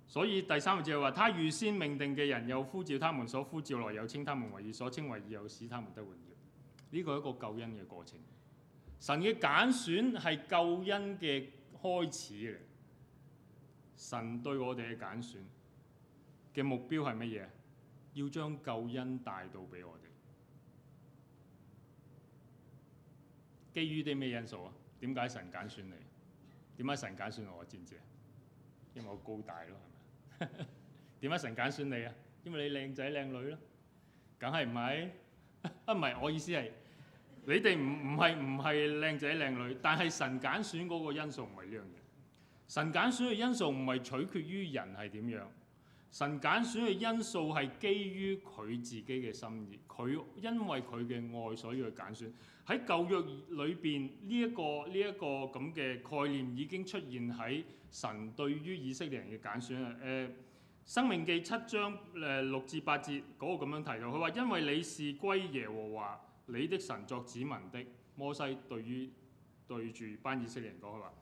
Speaker 1: 所以第三個字係話，他預先命定嘅人，又呼召他們所呼召來，又稱他們為義所稱為義，又使他們得榮耀。呢個係一個救恩嘅過程。神嘅揀選係救恩嘅開始嚟。神對我哋嘅揀選嘅目標係乜嘢？要將救恩帶到俾我哋。基於啲咩因素啊？點解神揀選你？點解神揀選我？知唔知啊？因為我高大咯。點解神揀選你啊？因為你靚仔靚女咯，梗係唔係？啊，唔係我意思係，你哋唔唔係唔係靚仔靚女，但係神揀選嗰個因素唔係呢樣嘢。神揀選嘅因素唔係取決於人係點樣。神揀選嘅因素係基於佢自己嘅心意，佢因為佢嘅愛所以去揀選。喺舊約裏邊呢一個呢一、這個咁嘅概念已經出現喺神對於以色列人嘅揀選啊。誒、呃，《生命記》七章誒、呃、六至八節嗰、那個咁樣提到，佢話因為你是歸耶和華你的神作子民的，摩西對於對住班以色列人講佢話。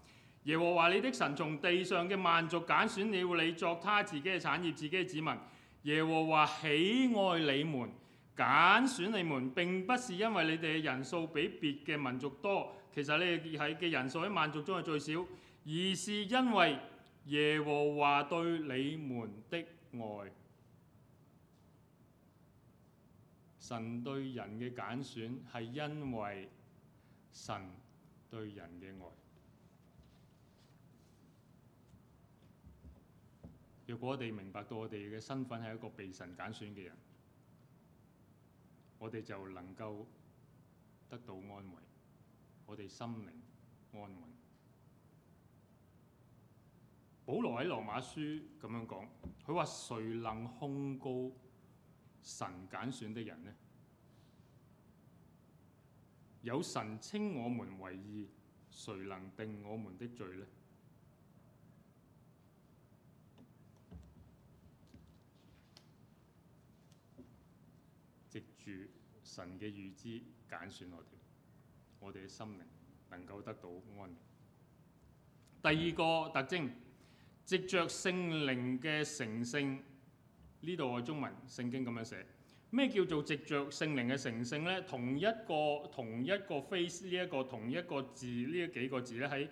Speaker 1: 耶和華你的神從地上嘅萬族揀選了你，要你作他自己嘅產業，自己嘅子民。耶和華喜愛你們，揀選你們，並不是因為你哋嘅人數比別嘅民族多，其實你哋係嘅人數喺萬族中係最少，而是因為耶和華對你們的愛。神對人嘅揀選係因為神對人嘅愛。如果我哋明白到我哋嘅身份係一個被神揀選嘅人，我哋就能夠得到安慰，我哋心靈安穩。保羅喺羅馬書咁樣講，佢話：誰能控告神揀選的人呢？有神稱我們為義，誰能定我們的罪呢？住神嘅預知揀選我哋，我哋嘅心靈能夠得到安寧。第二個特徵，藉着聖靈嘅成聖，呢度係中文聖經咁樣寫，咩叫做藉着聖靈嘅成聖呢？同一個同一個 face 呢一個同一個字呢幾個字咧喺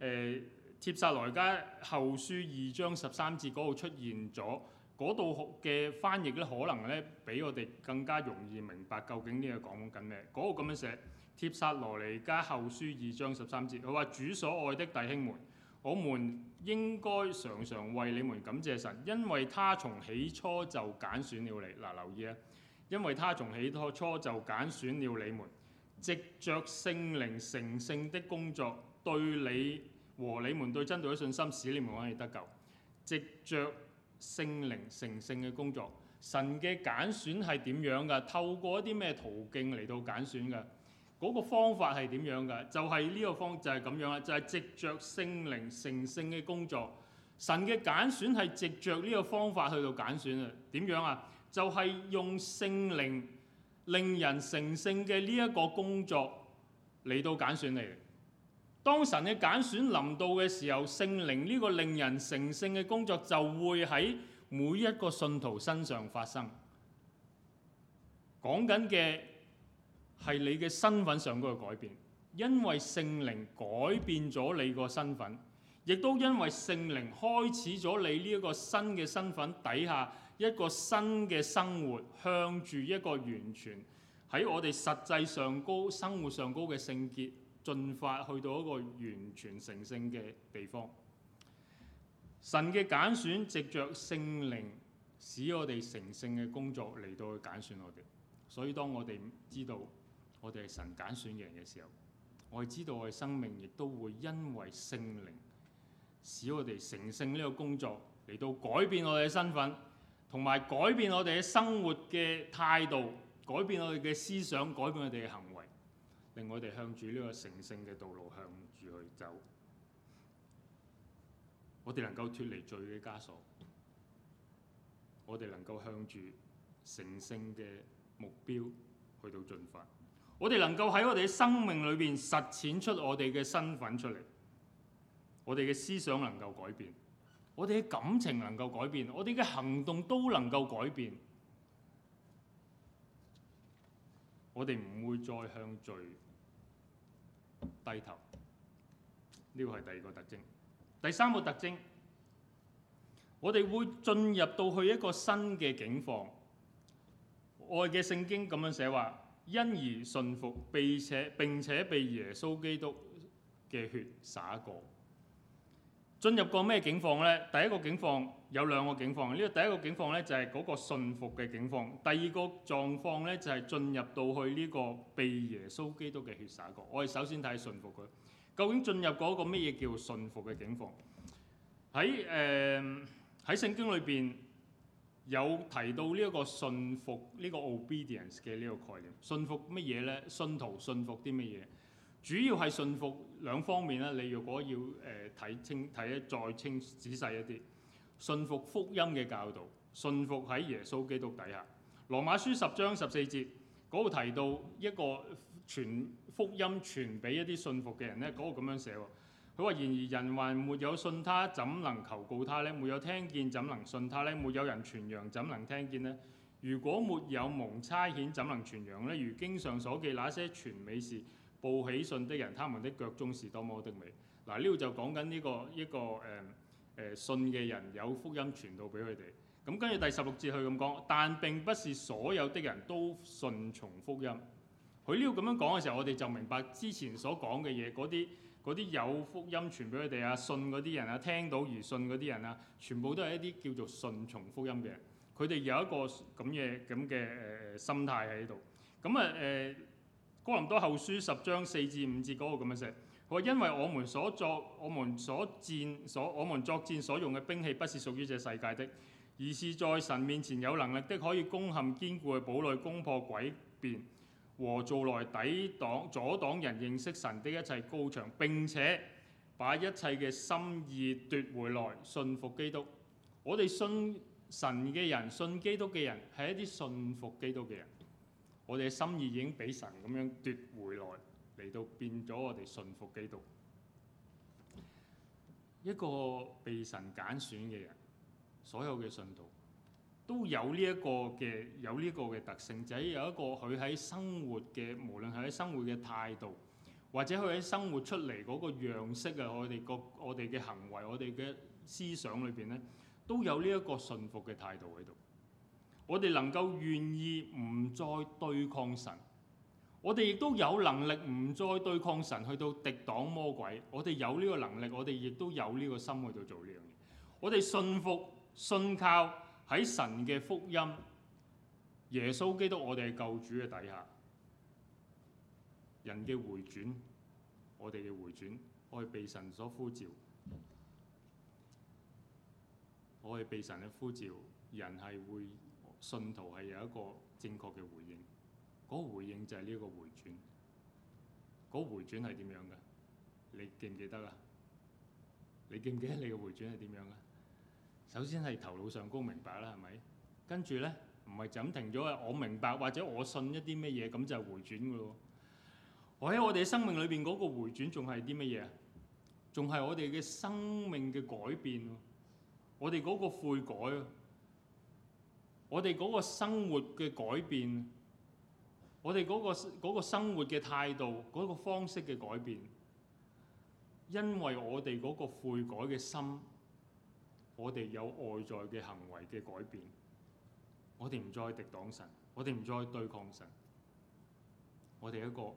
Speaker 1: 誒帖撒羅尼迦後書二章十三節嗰度出現咗。嗰度嘅翻譯咧，可能咧比我哋更加容易明白究竟呢個講緊咩。嗰個咁樣寫，帖撒羅尼加後書二章十三節，佢話：主所愛的弟兄們，我們應該常常為你們感謝神，因為他從起初就揀選了你。嗱、啊，留意啊，因為他從起初就揀選了你們，藉着聖靈成聖的工作，對你和你們對真道的信心使你們可以得救。藉着聖靈成聖嘅工作，神嘅揀選係點樣噶？透過一啲咩途徑嚟到揀選嘅？嗰、那個方法係點樣噶？就係、是、呢個方就係咁樣啦，就係藉著聖靈成聖嘅工作，神嘅揀選係藉著呢個方法去到揀選啊，點樣啊？就係、是、用聖靈令人成聖嘅呢一個工作嚟到揀選你。當神嘅揀選臨到嘅時候，聖靈呢個令人成聖嘅工作就會喺每一個信徒身上發生。講緊嘅係你嘅身份上高嘅改變，因為聖靈改變咗你個身份，亦都因為聖靈開始咗你呢一個新嘅身份底下一個新嘅生活，向住一個完全喺我哋實際上高生活上高嘅聖潔，進發去到一個完全成聖嘅地方。神嘅揀選藉著聖靈，使我哋成聖嘅工作嚟到去揀選我哋。所以當我哋知道我哋係神揀選嘅人嘅時候，我哋知道我哋嘅生命亦都會因為聖靈，使我哋成聖呢個工作嚟到改變我哋嘅身份，同埋改變我哋嘅生活嘅態度，改變我哋嘅思想，改變我哋嘅行為。令我哋向住呢個成聖嘅道路向住去走，我哋能夠脱離罪嘅枷鎖，我哋能夠向住成聖嘅目標去到進發，我哋能夠喺我哋嘅生命裏面實踐出我哋嘅身份出嚟，我哋嘅思想能夠改變，我哋嘅感情能夠改變，我哋嘅行動都能夠改變。我哋唔會再向罪低頭，呢、這個係第二個特徵。第三個特徵，我哋會進入到去一個新嘅境況。愛嘅聖經咁樣寫話：，因而信服，並且並且被耶穌基督嘅血灑過。進入過咩境況呢？第一個境況有兩個境況。呢個第一個境況呢，就係嗰個順服嘅境況。第二個狀況呢，就係進入到去呢個被耶穌基督嘅血灑過。我哋首先睇順服佢。究竟進入嗰個咩嘢叫順服嘅境況？喺誒喺聖經裏邊有提到呢一個順服呢、這個 obedience 嘅呢個概念。順服乜嘢呢？信徒順服啲乜嘢？主要係信服兩方面咧。你若果要誒睇、呃、清睇得再清仔細一啲，信服福音嘅教導，信服喺耶穌基督底下。羅馬書十章十四節嗰度提到一個傳福音傳俾一啲信服嘅人咧，嗰度咁樣寫喎。佢話：然而人還沒有信他，怎能求告他咧？沒有聽見怎能信他咧？沒有人傳揚怎能聽見呢？如果沒有蒙差遣，怎能傳揚咧？如經上所記那些傳美事，報喜信的人，他們的腳中是多麼的美。嗱，呢個，呢度就講緊呢個一個誒誒信嘅人有福音傳到俾佢哋。咁跟住第十六節佢咁講，但並不是所有的人都順從福音。佢呢度咁樣講嘅時候，我哋就明白之前所講嘅嘢，嗰啲嗰啲有福音傳俾佢哋啊，信嗰啲人啊，聽到而信嗰啲人啊，全部都係一啲叫做順從福音嘅人。佢哋有一個咁嘅咁嘅誒心態喺度。咁啊誒。呃哥林多後書十章四至五節嗰個咁樣寫，我因為我們所作、我們所戰、所我們作戰所用嘅兵器，不是屬於這世界的，而是在神面前有能力的，可以攻陷堅固嘅堡壘，攻破詭辯和做來抵擋阻擋人認識神的一切高牆，並且把一切嘅心意奪回來，信服基督。我哋信神嘅人，信基督嘅人，係一啲信服基督嘅人。我哋嘅心意已經俾神咁樣奪回來，嚟到變咗我哋信服基督。一個被神揀選嘅人，所有嘅信徒都有呢一個嘅有呢個嘅特性，就係、是、有一個佢喺生活嘅，無論係喺生活嘅態度，或者佢喺生活出嚟嗰個樣式啊，我哋個我哋嘅行為、我哋嘅思想裏邊咧，都有呢一個信服嘅態度喺度。我哋能夠願意唔再對抗神，我哋亦都有能力唔再對抗神，去到敵擋魔鬼。我哋有呢個能力，我哋亦都有呢個心去到做呢樣嘢。我哋信服、信靠喺神嘅福音、耶穌基督，我哋係救主嘅底下，人嘅回轉，我哋嘅回轉，我係被神所呼召，我係被神嘅呼召，人係會。信徒係有一個正確嘅回應，嗰個回應就係呢個回轉，嗰個回轉係點樣嘅？你記唔記得啊？你記唔記得你嘅回轉係點樣嘅？首先係頭腦上高明白啦，係咪？跟住咧，唔係就停咗啊！我明白或者我信一啲乜嘢，咁就係回轉嘅咯。我喺我哋嘅生命裏邊，嗰個回轉仲係啲乜嘢？仲係我哋嘅生命嘅改變，我哋嗰個悔改。我哋嗰個生活嘅改變，我哋嗰個嗰個生活嘅態度，嗰個方式嘅改變，因為我哋嗰個悔改嘅心，我哋有外在嘅行為嘅改變，我哋唔再敵擋神，我哋唔再對抗神，我哋一個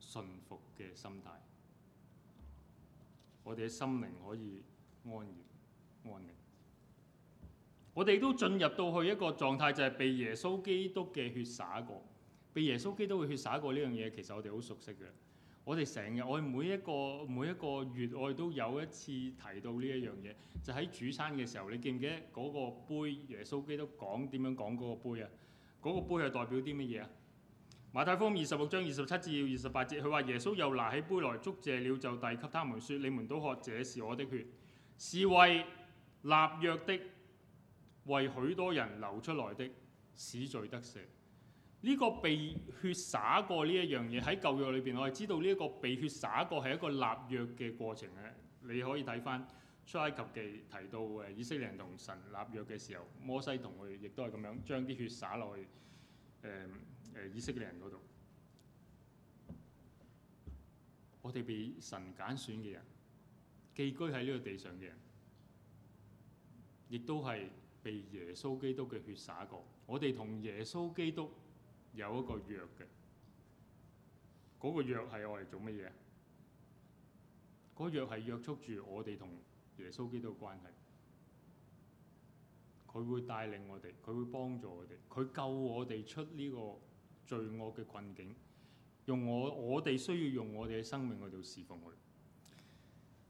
Speaker 1: 順服嘅心態，我哋嘅心靈可以安然安寧。我哋都進入到去一個狀態，就係、是、被耶穌基督嘅血灑過，被耶穌基督嘅血灑過呢樣嘢，其實我哋好熟悉嘅。我哋成日，我哋每一個每一個月，我哋都有一次提到呢一樣嘢，就喺、是、主餐嘅時候，你記唔記得嗰個杯耶穌基督講點樣講嗰個杯啊？嗰、那個杯係代表啲乜嘢啊？馬太福音二十六章二十七至二十八節，佢話耶穌又拿起杯來祝謝了就，就遞給他們，說：你們都喝，這是我的血，是為立約的。為許多人流出來的，使罪得赦。呢、這個被血灑過呢一樣嘢喺舊約裏邊，我哋知道呢一個被血灑過係一個立約嘅過程嘅。你可以睇翻《出埃及記》提到誒以色列人同神立約嘅時候，摩西同佢亦都係咁樣將啲血灑落去誒誒、嗯、以色列人嗰度。我哋被神揀選嘅人，寄居喺呢個地上嘅人，亦都係。被耶穌基督嘅血灑過，我哋同耶穌基督有一個約嘅，嗰、嗰個約係我哋做乜嘢？嗰約係約束住我哋同耶穌基督嘅關係，佢會帶領我哋，佢會幫助我哋，佢救我哋出呢個罪惡嘅困境，用我我哋需要用我哋嘅生命去度侍奉佢。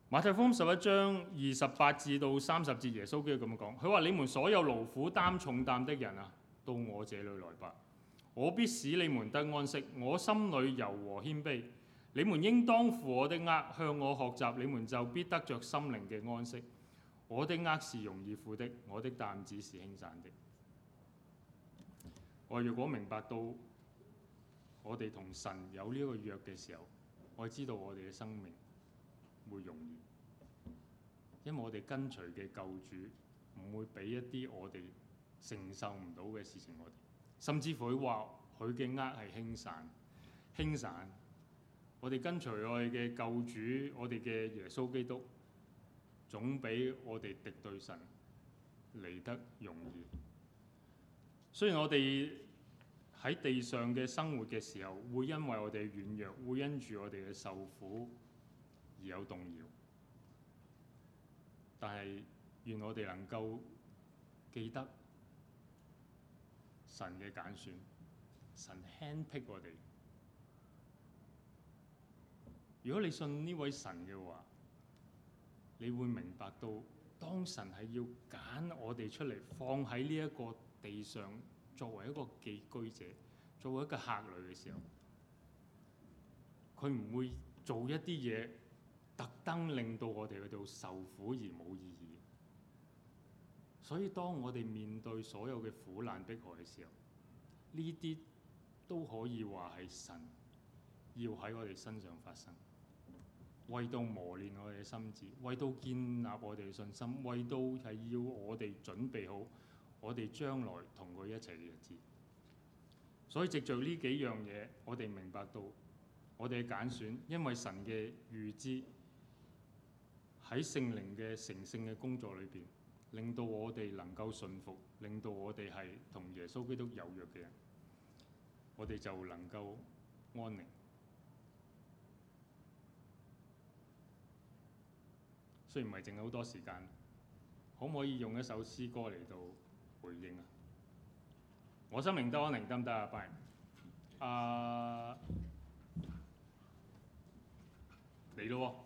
Speaker 1: 馬太福音十一章二十八至到三十節，耶穌佢咁樣講，佢話你們所有勞苦擔重擔的人啊，到我這裡來吧，我必使你們得安息。我心裏柔和謙卑，你們應當負我的軛，向我學習，你們就必得着心靈嘅安息。我的軛是容易負的，我的擔子是輕省的。我如果明白到我哋同神有呢一個約嘅時候，我知道我哋嘅生命。會容易，因為我哋跟隨嘅救主唔會俾一啲我哋承受唔到嘅事情我哋，甚至乎佢話佢嘅軛係輕省，輕省。我哋跟隨我哋嘅救主，我哋嘅耶穌基督，總比我哋敵對神嚟得容易。雖然我哋喺地上嘅生活嘅時候，會因為我哋軟弱，會因住我哋嘅受苦，而有動搖，但係願我哋能夠記得神嘅揀選，神 hand pick 我哋。如果你信呢位神嘅話，你會明白到，當神係要揀我哋出嚟，放喺呢一個地上作為一個寄居者，作為一個客旅嘅時候，佢唔會做一啲嘢。特登令到我哋去到受苦而冇意義，所以當我哋面對所有嘅苦難、迫害嘅時候，呢啲都可以話係神要喺我哋身上發生，為到磨練我哋嘅心智，為到建立我哋嘅信心，為到係要我哋準備好我哋將來同佢一齊嘅日子。所以藉著呢幾樣嘢，我哋明白到我哋嘅揀選，因為神嘅預知。喺聖靈嘅成聖嘅工作裏面，令到我哋能夠信服，令到我哋係同耶穌基督有約嘅人，我哋就能夠安寧。雖然唔係剩好多時間，可唔可以用一首詩歌嚟到回應啊？我心靈得安寧得唔得啊？拜。Uh, 來」啊嚟咯喎！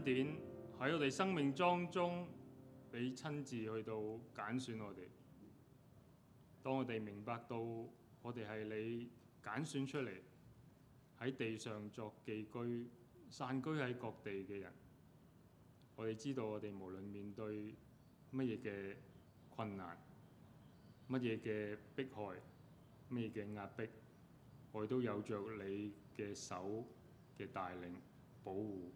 Speaker 1: 點喺我哋生命當中，你親自去到揀選我哋。當我哋明白到我哋係你揀選出嚟喺地上作寄居、散居喺各地嘅人，我哋知道我哋無論面對乜嘢嘅困難、乜嘢嘅迫害、乜嘢嘅壓迫，我哋都有着你嘅手嘅帶領保護。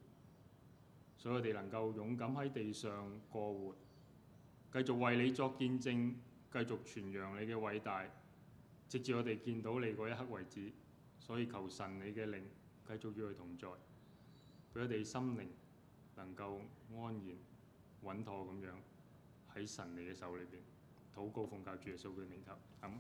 Speaker 1: 所以我哋能夠勇敢喺地上過活，繼續為你作見證，繼續傳揚你嘅偉大，直至我哋見到你嗰一刻為止。所以求神你嘅靈繼續與佢同在，俾我哋心靈能夠安然穩妥咁樣喺神你嘅手裏面，禱告奉教主耶穌嘅名頭，咁。